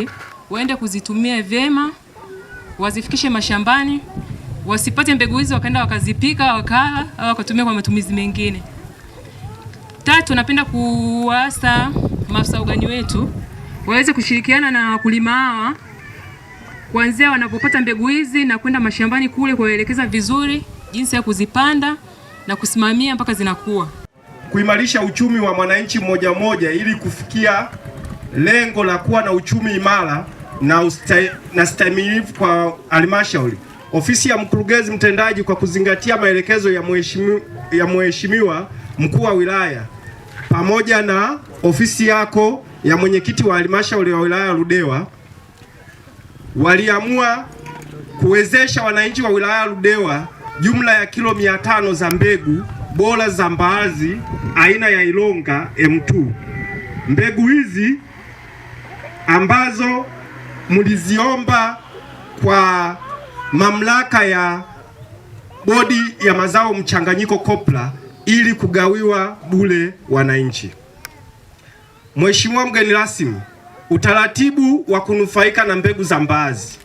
hizi waende kuzitumia vyema, wazifikishe mashambani, wasipate mbegu hizi wakaenda wakazipika wakala au wakatumia kwa matumizi mengine. Tatu, napenda kuwaasa maafisa ugani wetu waweze kushirikiana na wakulima hawa kuanzia wanapopata mbegu hizi na kwenda mashambani kule kuwaelekeza vizuri jinsi ya kuzipanda na kusimamia mpaka zinakuwa, kuimarisha uchumi wa mwananchi mmoja mmoja ili kufikia lengo la kuwa na uchumi imara na, na stahimilivu kwa halmashauri, ofisi ya mkurugenzi mtendaji kwa kuzingatia maelekezo ya mheshimiwa mkuu wa wilaya pamoja na ofisi yako ya mwenyekiti wa halmashauri ya wilaya Ludewa waliamua kuwezesha wananchi wa wilaya Ludewa jumla ya kilo mia tano za mbegu bora za mbaazi aina ya Ilonga M2. Mbegu hizi ambazo mliziomba kwa mamlaka ya bodi ya mazao mchanganyiko COPRA ili kugawiwa bure wananchi. Mheshimiwa mgeni rasmi, utaratibu wa kunufaika na mbegu za mbaazi.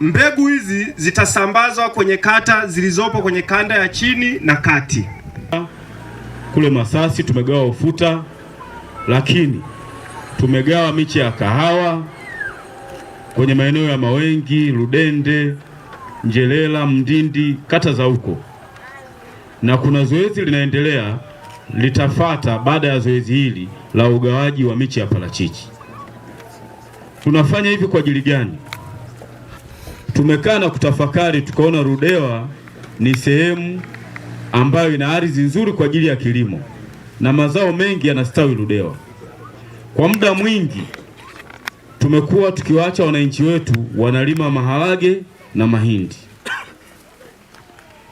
Mbegu hizi zitasambazwa kwenye kata zilizopo kwenye kanda ya chini na kati. Kule Masasi tumegawa ufuta lakini tumegawa miche ya kahawa kwenye maeneo ya Mawengi, Ludende, Njelela, Mdindi, kata za huko, na kuna zoezi linaendelea litafata baada ya zoezi hili la ugawaji wa miche ya parachichi. Tunafanya hivi kwa ajili gani? Tumekaa na kutafakari, tukaona Ludewa ni sehemu ambayo ina ardhi nzuri kwa ajili ya kilimo na mazao mengi yanastawi Ludewa. Kwa muda mwingi tumekuwa tukiwaacha wananchi wetu wanalima maharage na mahindi.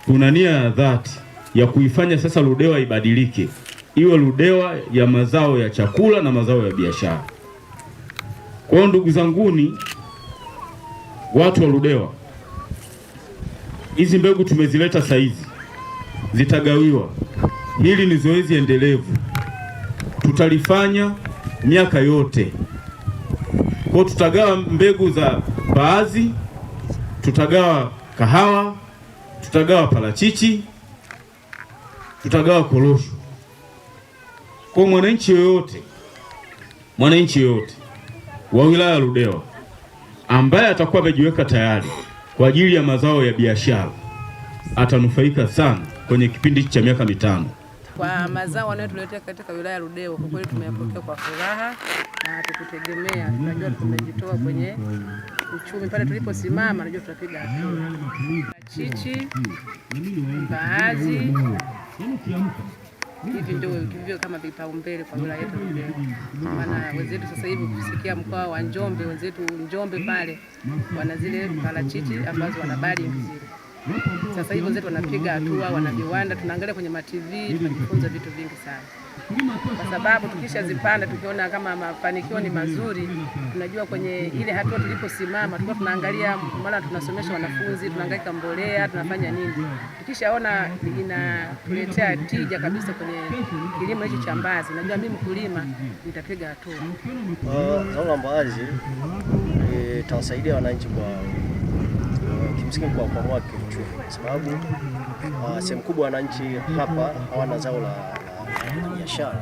Kuna nia ya dhati ya kuifanya sasa Ludewa ibadilike iwe Ludewa ya mazao ya chakula na mazao ya biashara. Kwa hiyo ndugu zanguni, watu wa Ludewa, hizi mbegu tumezileta saizi, zitagawiwa. Hili ni zoezi endelevu, tutalifanya miaka yote. Kwa tutagawa mbegu za baazi, tutagawa kahawa, tutagawa parachichi, tutagawa korosho kwa mwananchi yoyote, mwananchi yoyote wa wilaya ya Ludewa ambaye atakuwa amejiweka tayari kwa ajili ya mazao ya biashara atanufaika sana kwenye kipindi cha miaka mitano kwa mazao wanayotuletea katika wilaya ya Ludewa kwa kweli tumeyapokea kwa furaha na tukutegemea. Tunajua tumejitoa kwenye uchumi pale tuliposimama, najua tutapiga hatua. Chichi, mbaazi, hivi ndio hivyo kama vipaumbele kwa wilaya yetu Ludewa, maana wenzetu sasa hivi kusikia mkoa wa Njombe, wenzetu Njombe pale wana zile parachichi ambazo wanabadi zile sasa hivi wenzetu wanapiga hatua, wana viwanda, tunaangalia kwenye mativi, tunajifunza vitu vingi sana, kwa sababu tukishazipanda tukiona kama mafanikio ni mazuri, tunajua kwenye ile hatua tuliposimama, tulikuwa tunaangalia, mara tunasomesha wanafunzi, tunaangaika mbolea, tunafanya nini. Tukishaona inatuletea tija kabisa kwenye kilimo hichi cha mbazi, najua mimi mkulima nitapiga hatua. Zao ah, la mbaazi litawasaidia wananchi kwa kimsingi wake kiuchumi, kwa sababu ah, sehemu kubwa wananchi hapa hawana zao la biashara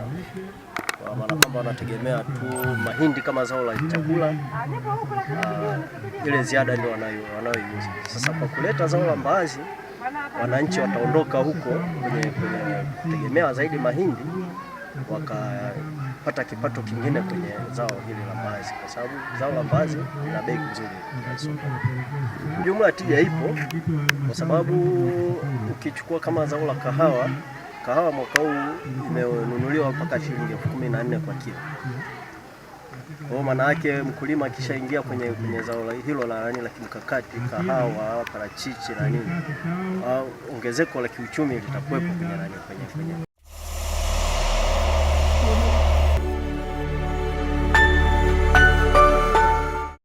kwa maana kwamba wanategemea tu mahindi kama zao la chakula. Ah, ile ziada ndio wanayoiuza. Sasa kwa kuleta zao la mbaazi, wananchi wataondoka huko kwenye kutegemea zaidi mahindi waka kupata kipato kingine kwenye zao hili la mbaazi, kwa sababu zao la mbaazi lina bei nzuri sokoni. Jumla tija ipo, kwa sababu ukichukua kama zao la kahawa, kahawa mwaka huu imenunuliwa mpaka shilingi elfu kumi na nne kwa kilo. Kwa maana yake mkulima akishaingia kwenye, kwenye zao hilo la nani la kimkakati kahawa, parachichi na nini, ongezeko la kiuchumi litakuwepo kwenye nani kwenye, kwenye.